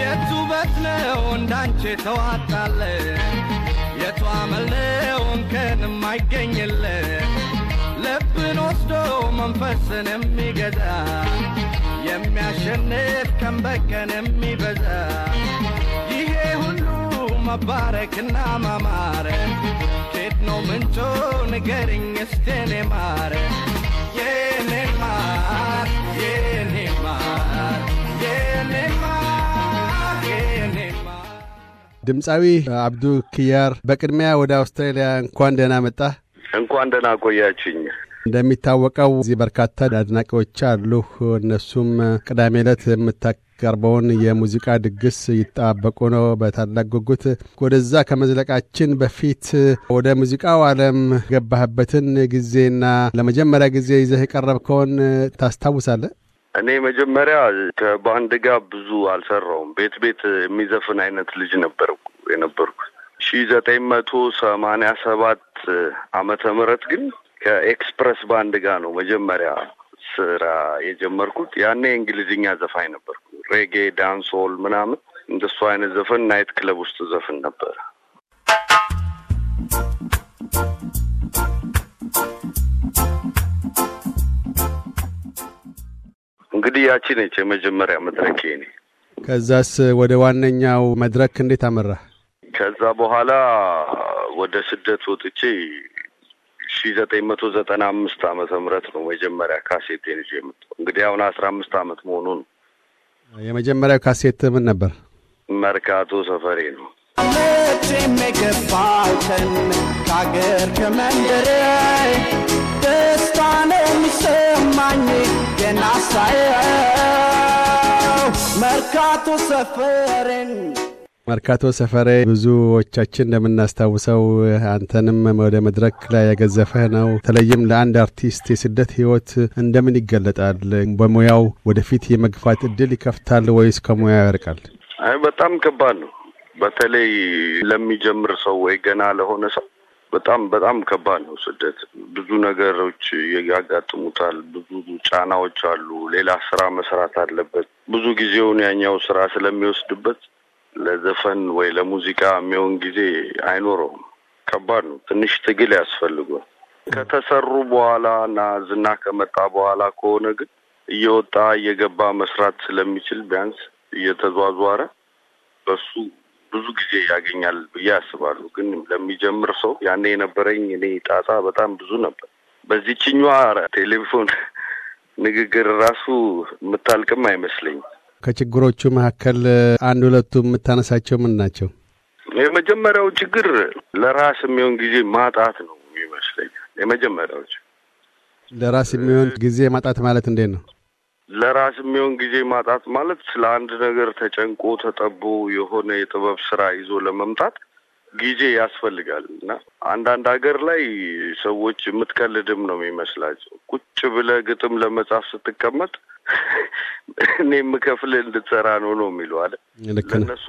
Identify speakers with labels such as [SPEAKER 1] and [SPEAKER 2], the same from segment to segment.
[SPEAKER 1] የቱ ውበት ነው እንዳንቺ ተዋጣለ የቱ አመል እንከን የማይገኝለ ልብን ወስዶ መንፈስን የሚገዛ የሚያሸንፍ ቀን በቀን የሚበዛ ይሄ ሁሉ መባረክና ማማረ ኬት ነው ምንጮ ንገርኝ እስቴኔ ማረ የኔን ማረ
[SPEAKER 2] ድምፃዊ አብዱ ክያር፣ በቅድሚያ ወደ አውስትራሊያ እንኳን ደህና መጣ።
[SPEAKER 3] እንኳን ደህና ቆያችኝ።
[SPEAKER 2] እንደሚታወቀው እዚህ በርካታ አድናቂዎች አሉ። እነሱም ቅዳሜ ዕለት የምታቀርበውን የሙዚቃ ድግስ ይጠባበቁ ነው በታላቅ ጉጉት። ወደዛ ከመዝለቃችን በፊት ወደ ሙዚቃው ዓለም ገባህበትን ጊዜና ለመጀመሪያ ጊዜ ይዘህ የቀረብከውን ታስታውሳለህ?
[SPEAKER 3] እኔ መጀመሪያ ከባንድ ጋር ብዙ አልሰራውም። ቤት ቤት የሚዘፍን አይነት ልጅ ነበር የነበርኩት። ሺ ዘጠኝ መቶ ሰማንያ ሰባት አመተ ምህረት ግን ከኤክስፕረስ ባንድ ጋር ነው መጀመሪያ ስራ የጀመርኩት። ያኔ እንግሊዝኛ ዘፋኝ ነበርኩ። ሬጌ፣ ዳንስ ሆል ምናምን እንደሱ አይነት ዘፈን ናይት ክለብ ውስጥ ዘፍን ነበር። እንግዲህ ያቺ ነች የመጀመሪያ መድረክ ኔ።
[SPEAKER 2] ከዛስ ወደ ዋነኛው መድረክ እንዴት አመራ?
[SPEAKER 3] ከዛ በኋላ ወደ ስደት ወጥቼ ሺ ዘጠኝ መቶ ዘጠና አምስት አመተ ምረት ነው መጀመሪያ ካሴት ይዤ የመጣሁ። እንግዲህ አሁን አስራ አምስት ዓመት መሆኑ ነው።
[SPEAKER 2] የመጀመሪያው ካሴት ምን ነበር?
[SPEAKER 3] መርካቶ ሰፈሬ ነው።
[SPEAKER 1] አመቼ የገባልከን ከአገር ከመንደር ደስታ ነው የሚሰማኝ የናሳየው መርካቶ ሰፈርን
[SPEAKER 2] መርካቶ ሰፈሬ ብዙዎቻችን እንደምናስታውሰው አንተንም ወደ መድረክ ላይ ያገዘፈህ ነው። በተለይም ለአንድ አርቲስት የስደት ህይወት እንደምን ይገለጣል? በሙያው ወደፊት የመግፋት እድል ይከፍታል ወይስ ከሙያው ያርቃል?
[SPEAKER 3] አይ በጣም ከባድ ነው። በተለይ ለሚጀምር ሰው ወይ ገና ለሆነ ሰው በጣም በጣም ከባድ ነው ስደት። ብዙ ነገሮች ያጋጥሙታል። ብዙ ጫናዎች አሉ። ሌላ ስራ መስራት አለበት። ብዙ ጊዜውን ያኛው ስራ ስለሚወስድበት ለዘፈን ወይ ለሙዚቃ የሚሆን ጊዜ አይኖረውም። ከባድ ነው። ትንሽ ትግል ያስፈልጓል። ከተሰሩ በኋላ እና ዝና ከመጣ በኋላ ከሆነ ግን እየወጣ እየገባ መስራት ስለሚችል ቢያንስ እየተዟዟረ በሱ ብዙ ጊዜ ያገኛል ብዬ አስባለሁ። ግን ለሚጀምር ሰው ያኔ የነበረኝ እኔ ጣጣ በጣም ብዙ ነበር። በዚችኛዋ ቴሌፎን ንግግር ራሱ የምታልቅም አይመስለኝም።
[SPEAKER 2] ከችግሮቹ መካከል አንድ ሁለቱ የምታነሳቸው ምን ናቸው?
[SPEAKER 3] የመጀመሪያው ችግር ለራስ የሚሆን ጊዜ ማጣት ነው ይመስለኛል። የመጀመሪያው
[SPEAKER 2] ለራስ የሚሆን ጊዜ ማጣት ማለት እንዴት ነው?
[SPEAKER 3] ለራስ የሚሆን ጊዜ ማጣት ማለት ስለ አንድ ነገር ተጨንቆ ተጠቦ የሆነ የጥበብ ስራ ይዞ ለመምጣት ጊዜ ያስፈልጋል እና አንዳንድ ሀገር ላይ ሰዎች የምትቀልድም ነው የሚመስላቸው። ቁጭ ብለ ግጥም ለመጻፍ ስትቀመጥ እኔ የምከፍል እንድትሰራ ነው ነው የሚሉ አለ። ለእነሱ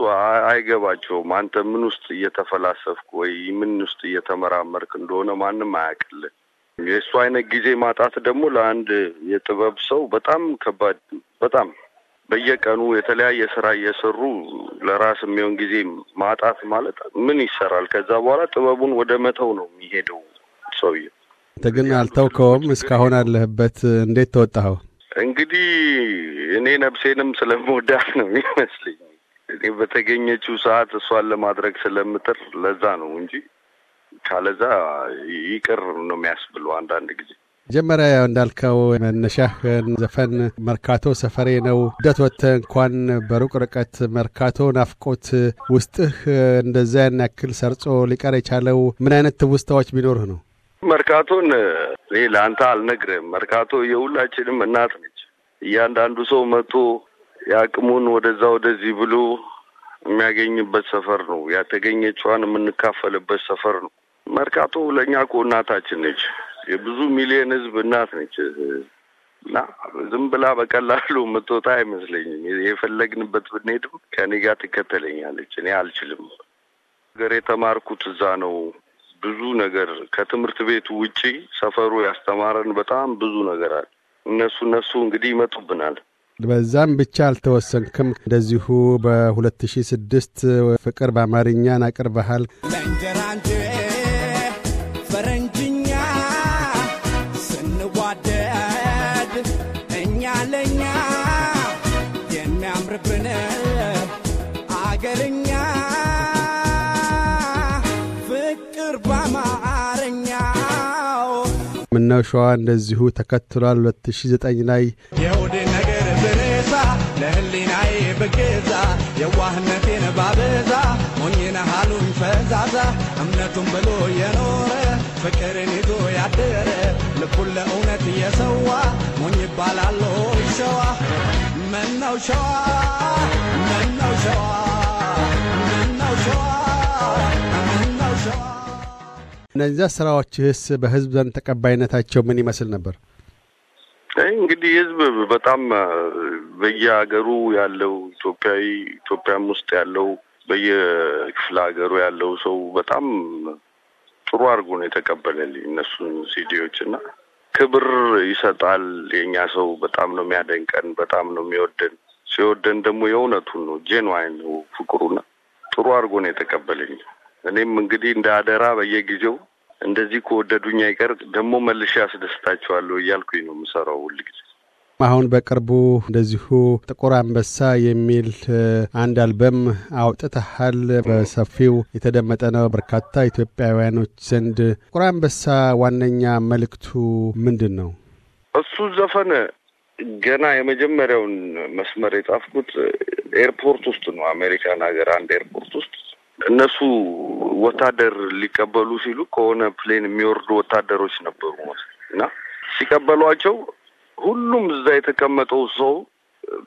[SPEAKER 3] አይገባቸውም። አንተ ምን ውስጥ እየተፈላሰፍክ ወይ ምን ውስጥ እየተመራመርክ እንደሆነ ማንም አያውቅልህ። የእሱ አይነት ጊዜ ማጣት ደግሞ ለአንድ የጥበብ ሰው በጣም ከባድ በጣም በየቀኑ የተለያየ ስራ እየሰሩ ለራስ የሚሆን ጊዜ ማጣት ማለት ምን ይሰራል? ከዛ በኋላ ጥበቡን ወደ መተው ነው የሚሄደው
[SPEAKER 2] ሰውየ። አንተ ግን አልተውከውም፣ እስካሁን አለህበት። እንዴት ተወጣኸው?
[SPEAKER 3] እንግዲህ እኔ ነብሴንም ስለምወዳት ነው የሚመስለኝ እኔ በተገኘችው ሰዓት እሷን ለማድረግ ስለምጥር ለዛ ነው እንጂ ካለዛ ይቅር ነው የሚያስብሉ አንዳንድ ጊዜ።
[SPEAKER 2] መጀመሪያ እንዳልከው መነሻህን ዘፈን መርካቶ ሰፈሬ ነው። ደት ወጥተህ እንኳን በሩቅ ርቀት መርካቶ ናፍቆት ውስጥህ እንደዛ ያን ያክል ሰርጾ ሊቀር የቻለው ምን አይነት ትውስታዎች ቢኖርህ ነው?
[SPEAKER 3] መርካቶን ይሄ ለአንተ አልነግርህም። መርካቶ የሁላችንም እናት ነች። እያንዳንዱ ሰው መቶ የአቅሙን ወደዛ ወደዚህ ብሎ የሚያገኝበት ሰፈር ነው። ያተገኘችዋን የምንካፈልበት ሰፈር ነው። መርካቶ ለእኛ እኮ እናታችን ነች። የብዙ ሚሊዮን ህዝብ እናት ነች እና ዝም ብላ በቀላሉ የምትወጣ አይመስለኝም። የፈለግንበት ብንሄድም ከኔ ጋር ትከተለኛለች። እኔ አልችልም። ነገር የተማርኩት እዛ ነው። ብዙ ነገር ከትምህርት ቤቱ ውጪ ሰፈሩ ያስተማረን በጣም ብዙ ነገር አለ። እነሱ እነሱ እንግዲህ ይመጡብናል።
[SPEAKER 2] በዛም ብቻ አልተወሰንክም። እንደዚሁ በሁለት ሺህ ስድስት ፍቅር በአማርኛን አቅርበሃል።
[SPEAKER 1] ሆነ አገርኛ ፍቅር
[SPEAKER 2] ሸዋ እንደዚሁ ተከትሏል 2009 ላይ
[SPEAKER 1] የሆዴን ነገር ብረሳ ለህሊናዬ ብገዛ የዋህነቴን ባበዛ ሞኝነ ሃሉን ፈዛዛ እምነቱን ብሎ የኖረ ፍቅርን ይዞ ያደረ ልቡን ለእውነት እየሰዋ ሞኝ ይባላለ ሸዋ መናው ሸዋ
[SPEAKER 2] እነዚያ ስራዎችህስ በህዝብ ዘንድ ተቀባይነታቸው ምን ይመስል ነበር?
[SPEAKER 3] እንግዲህ ህዝብ በጣም በየሀገሩ ያለው ኢትዮጵያዊ ኢትዮጵያም ውስጥ ያለው በየክፍለ ሀገሩ ያለው ሰው በጣም ጥሩ አድርጎ ነው የተቀበለልኝ እነሱን ሲዲዎች እና ክብር ይሰጣል። የእኛ ሰው በጣም ነው የሚያደንቀን፣ በጣም ነው የሚወደን። ሲወደን ደግሞ የእውነቱን ነው ጄንዋይን ነው ፍቅሩና ጥሩ አድርጎ ነው የተቀበለኝ። እኔም እንግዲህ እንደ አደራ በየጊዜው እንደዚህ ከወደዱኝ አይቀር ደግሞ መልሼ ያስደስታቸዋለሁ እያልኩኝ ነው የምሰራው ጊዜ።
[SPEAKER 2] አሁን በቅርቡ እንደዚሁ ጥቁር አንበሳ የሚል አንድ አልበም አውጥተሃል። በሰፊው የተደመጠ ነው፣ በርካታ ኢትዮጵያውያኖች ዘንድ። ጥቁር አንበሳ ዋነኛ መልእክቱ ምንድን ነው?
[SPEAKER 3] እሱ ዘፈን ገና የመጀመሪያውን መስመር የጻፍኩት ኤርፖርት ውስጥ ነው፣ አሜሪካን ሀገር አንድ ኤርፖርት ውስጥ እነሱ ወታደር ሊቀበሉ ሲሉ ከሆነ ፕሌን የሚወርዱ ወታደሮች ነበሩ እና ሲቀበሏቸው ሁሉም እዛ የተቀመጠው ሰው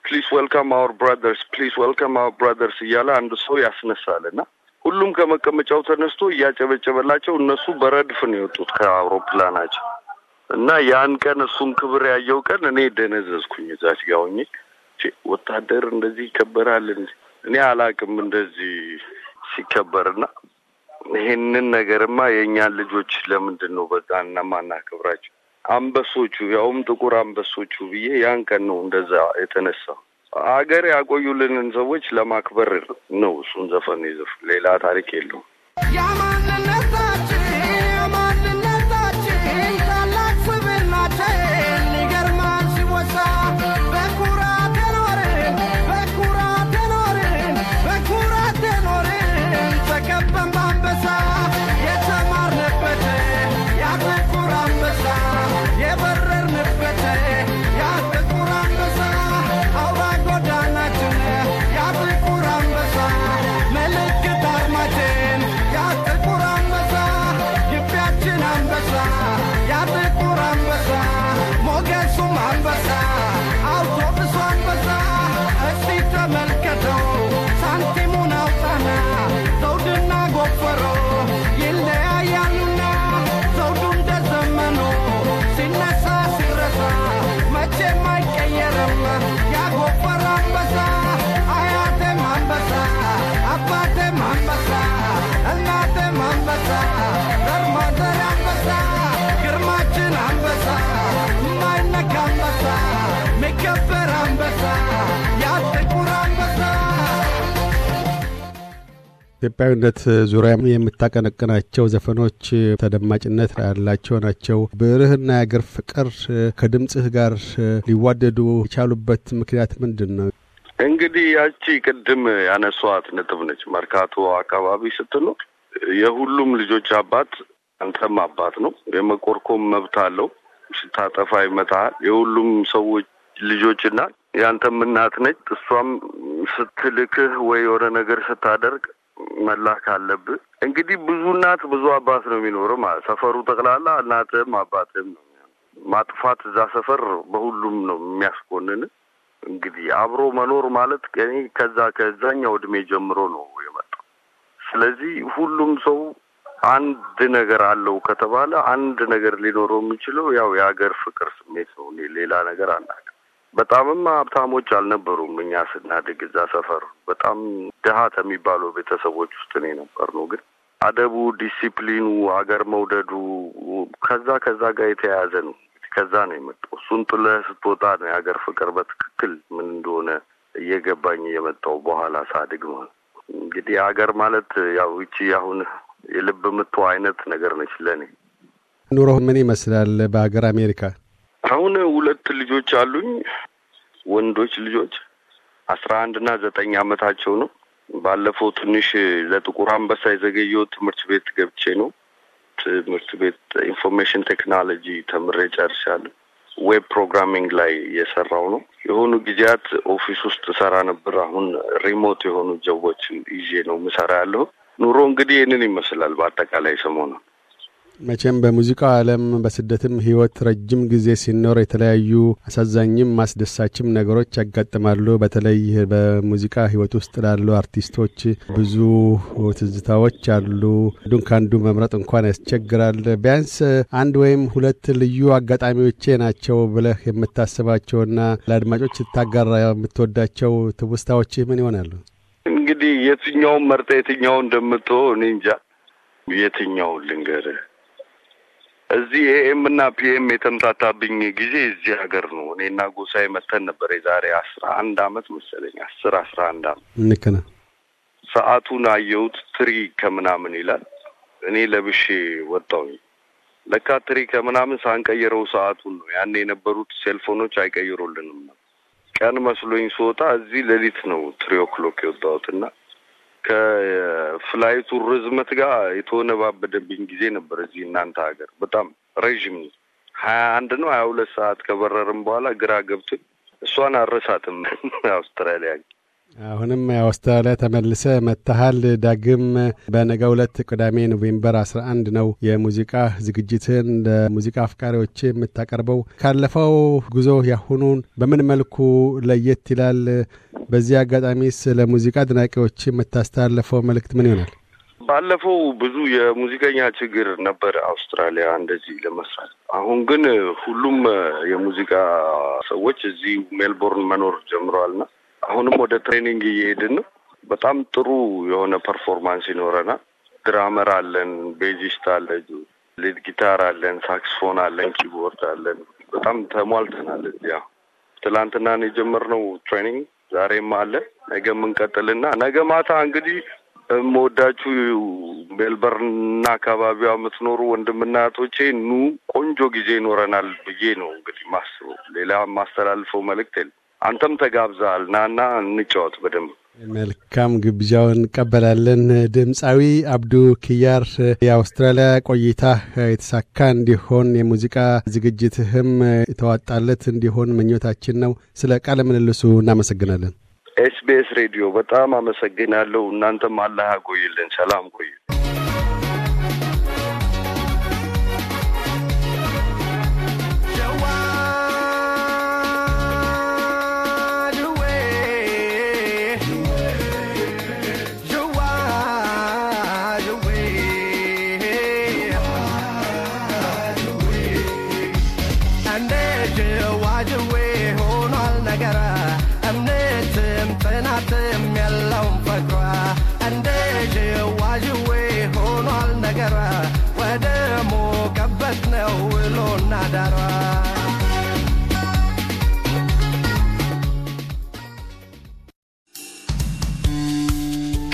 [SPEAKER 3] ፕሊስ ዌልካም አወር ብራደርስ ፕሊስ ዌልካም አወር ብራደርስ እያለ አንድ ሰው ያስነሳል እና ሁሉም ከመቀመጫው ተነስቶ እያጨበጨበላቸው እነሱ በረድፍ ነው የወጡት ከአውሮፕላናቸው እና ያን ቀን እሱን ክብር ያየው ቀን እኔ ደነዘዝኩኝ። እዛች ጋ ወታደር እንደዚህ ይከበራል እኔ አላቅም እንደዚህ ሲከበርና ይሄንን ነገርማ የእኛን ልጆች ለምንድን ነው በቃ እነማናከብራቸው አንበሶቹ ያውም ጥቁር አንበሶቹ ብዬ ያን ቀን ነው እንደዛ የተነሳ አገር ያቆዩልንን ሰዎች ለማክበር ነው እሱን ዘፈን ይዘፍ ሌላ ታሪክ የለውም።
[SPEAKER 2] ኢትዮጵያዊነት ዙሪያ የምታቀነቅናቸው ዘፈኖች ተደማጭነት ያላቸው ናቸው። ብርህና የአገር ፍቅር ከድምፅህ ጋር ሊዋደዱ የቻሉበት ምክንያት ምንድን ነው?
[SPEAKER 3] እንግዲህ ያቺ ቅድም ያነሷት ነጥብ ነች። መርካቶ አካባቢ ስትኖር የሁሉም ልጆች አባት አንተም አባት ነው። የመቆርኮም መብት አለው። ስታጠፋ ይመታሃል። የሁሉም ሰዎች ልጆችና የአንተም እናት ነች። እሷም ስትልክህ ወይ የሆነ ነገር ስታደርግ መላክ አለብህ። እንግዲህ ብዙ እናት ብዙ አባት ነው የሚኖርም ሰፈሩ ጠቅላላ እናትህም አባትህም ነው። ማጥፋት እዛ ሰፈር በሁሉም ነው የሚያስኮንን። እንግዲህ አብሮ መኖር ማለት እኔ ከዛ ከዛኛው እድሜ ጀምሮ ነው የመጣው። ስለዚህ ሁሉም ሰው አንድ ነገር አለው ከተባለ አንድ ነገር ሊኖረው የሚችለው ያው የሀገር ፍቅር ስሜት ነው። ሌላ ነገር አናውቅም። በጣምም ሀብታሞች አልነበሩም። እኛ ስናድግ እዛ ሰፈር በጣም ድሀ ከሚባሉ ቤተሰቦች ውስጥ ነው ግን አደቡ፣ ዲሲፕሊኑ፣ አገር መውደዱ ከዛ ከዛ ጋር የተያያዘ ነው። ከዛ ነው የመጣው። እሱን ጥለህ ስትወጣ ነው የሀገር ፍቅር በትክክል ምን እንደሆነ እየገባኝ የመጣው በኋላ ሳድግ ማለት እንግዲህ የሀገር ማለት ያው ይቺ አሁን የልብ ምቶ አይነት ነገር ነች ለእኔ።
[SPEAKER 2] ኑሮ ምን ይመስላል በሀገር አሜሪካ?
[SPEAKER 3] አሁን ሁለት ልጆች አሉኝ። ወንዶች ልጆች አስራ አንድ እና ዘጠኝ አመታቸው ነው። ባለፈው ትንሽ ለጥቁር አንበሳ የዘገየው ትምህርት ቤት ገብቼ ነው። ትምህርት ቤት ኢንፎርሜሽን ቴክኖሎጂ ተምሬ ጨርሻለሁ። ዌብ ፕሮግራሚንግ ላይ የሰራው ነው። የሆኑ ጊዜያት ኦፊስ ውስጥ ሰራ ነበር። አሁን ሪሞት የሆኑ ጀቦች ይዤ ነው ምሰራ ያለሁ። ኑሮ እንግዲህ ይህንን ይመስላል በአጠቃላይ ሰሞኑን
[SPEAKER 2] መቼም በሙዚቃው ዓለም በስደትም ህይወት ረጅም ጊዜ ሲኖር የተለያዩ አሳዛኝም አስደሳችም ነገሮች ያጋጥማሉ። በተለይ በሙዚቃ ህይወት ውስጥ ላሉ አርቲስቶች ብዙ ትዝታዎች አሉ። አንዱን ከአንዱ መምረጥ እንኳን ያስቸግራል። ቢያንስ አንድ ወይም ሁለት ልዩ አጋጣሚዎቼ ናቸው ብለህ የምታስባቸውና ለአድማጮች ታጋራ የምትወዳቸው ትውስታዎች ምን ይሆናሉ?
[SPEAKER 3] እንግዲህ የትኛውን መርጠ የትኛውን እንደምትሆን እኔ እንጃ። የትኛውን ልንገርህ? እዚህ ኤኤም እና ፒኤም የተምታታብኝ ጊዜ እዚህ ሀገር ነው። እኔና ጎሳዬ መተን ነበር የዛሬ አስራ አንድ አመት መሰለኝ አስር አስራ አንድ አመት ንክነ ሰዓቱን አየሁት ትሪ ከምናምን ይላል። እኔ ለብሼ ወጣውኝ ለካ ትሪ ከምናምን ሳንቀይረው ሰዓቱን ነው። ያኔ የነበሩት ሴልፎኖች አይቀይሩልንም። ቀን መስሎኝ ስወጣ እዚህ ሌሊት ነው ትሪ ኦክሎክ የወጣሁት እና ከፍላይቱ ርዝመት ጋር የተወነባበደብኝ ጊዜ ነበር። እዚህ እናንተ ሀገር በጣም ረዥም ነው። ሀያ አንድ ነው ሀያ ሁለት ሰዓት ከበረርም በኋላ ግራ ገብቶኝ እሷን አረሳትም አውስትራሊያ
[SPEAKER 2] አሁንም አውስትራሊያ ተመልሰ መታሃል። ዳግም በነገ ሁለት ቅዳሜ ኖቬምበር 11 ነው የሙዚቃ ዝግጅትን ለሙዚቃ አፍቃሪዎች የምታቀርበው። ካለፈው ጉዞ ያሁኑን በምን መልኩ ለየት ይላል? በዚህ አጋጣሚስ ለሙዚቃ አድናቂዎች የምታስተላልፈው መልእክት ምን ይሆናል?
[SPEAKER 3] ባለፈው ብዙ የሙዚቀኛ ችግር ነበር አውስትራሊያ እንደዚህ ለመስራት። አሁን ግን ሁሉም የሙዚቃ ሰዎች እዚህ ሜልቦርን መኖር ጀምረዋልና አሁንም ወደ ትሬኒንግ እየሄድን ነው። በጣም ጥሩ የሆነ ፐርፎርማንስ ይኖረናል። ድራመር አለን፣ ቤዚስት አለ፣ ሊድ ጊታር አለን፣ ሳክስፎን አለን፣ ኪቦርድ አለን። በጣም ተሟልተናል። እዚያ ትላንትናን የጀመርነው ትሬኒንግ ዛሬም አለ፣ ነገ የምንቀጥልና ነገ ማታ እንግዲህ የምወዳችሁ ሜልበርንና አካባቢዋ የምትኖሩ ወንድምና እህቶቼ ኑ፣ ቆንጆ ጊዜ ይኖረናል ብዬ ነው እንግዲህ ማስበው። ሌላ ማስተላልፈው መልእክት የለም። አንተም ተጋብዛል። ናና እንጫወት በደንብ
[SPEAKER 2] መልካም ግብዣው እንቀበላለን። ድምፃዊ አብዱ ክያር የአውስትራሊያ ቆይታ የተሳካ እንዲሆን የሙዚቃ ዝግጅትህም የተዋጣለት እንዲሆን ምኞታችን ነው። ስለ ቃለ ምልልሱ እናመሰግናለን።
[SPEAKER 3] ኤስቢኤስ ሬዲዮ በጣም አመሰግናለሁ። እናንተም አላህ ያቆይልን። ሰላም ቆይ